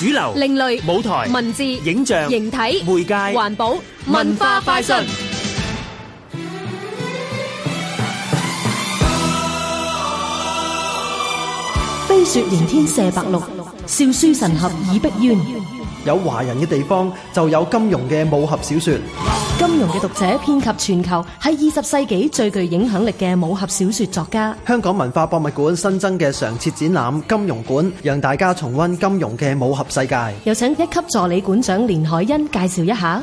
主流、另類、舞台、文字、影像、形體、媒介、環保、文化、快訊。飛雪連天射白鹿，笑書神俠倚碧鴛。有華人嘅地方就有金庸嘅武俠小說，金庸嘅讀者遍及全球，係二十世紀最具影響力嘅武俠小說作家。香港文化博物館新增嘅常設展覽《金庸館》，讓大家重溫金庸嘅武俠世界。有請一級助理館長連海欣介紹一下。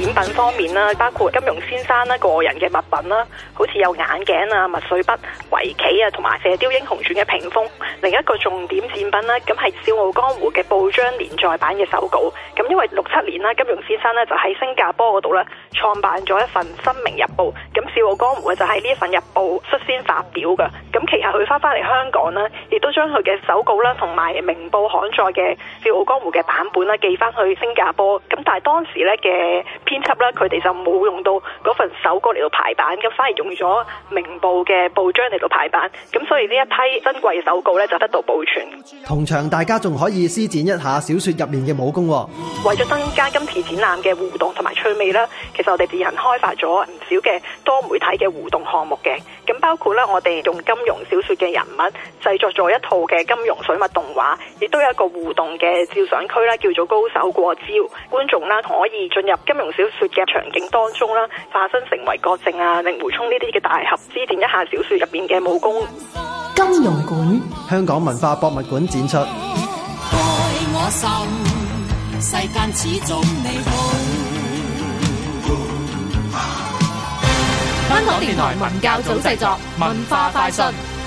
展品方面啦，包括金庸先生啦個人嘅物品啦，好似有眼鏡啊、墨水筆、圍棋啊，同埋《射雕英雄傳》嘅屏風。另一個重點展品咧，咁係《笑傲江湖》嘅報章連載版嘅手稿。咁因為六七年啦，金庸先生咧就喺新加坡嗰度咧創辦咗一份《新明日報》，咁《笑傲江湖》嘅就喺呢一份日報率先發表噶。咁其後佢翻返嚟香港咧，亦都將佢嘅手稿啦同埋明報刊載嘅《笑傲江湖》嘅版本啦寄返去新加坡。咁但係當時咧嘅。編輯呢，佢哋就冇用到嗰份手稿嚟到排版，咁反而用咗明報嘅報章嚟到排版，咁所以呢一批珍貴手稿咧就得到保存。同場大家仲可以施展一下小說入面嘅武功。為咗增加今次展覽嘅互動同埋趣味啦，其實我哋自行開發咗唔少嘅多媒體嘅互動項目嘅。咁包括咧，我哋用金庸小說嘅人物製作咗一套嘅金庸水墨動畫，亦都有一個互動嘅照相區啦，叫做高手過招。觀眾啦可以進入金庸小說嘅場景當中啦，化身成為郭靖啊、令狐沖呢啲嘅大俠指點一下小說入邊嘅武功。金庸館，香港文化博物館展出。電台文教組製作，文化快訊。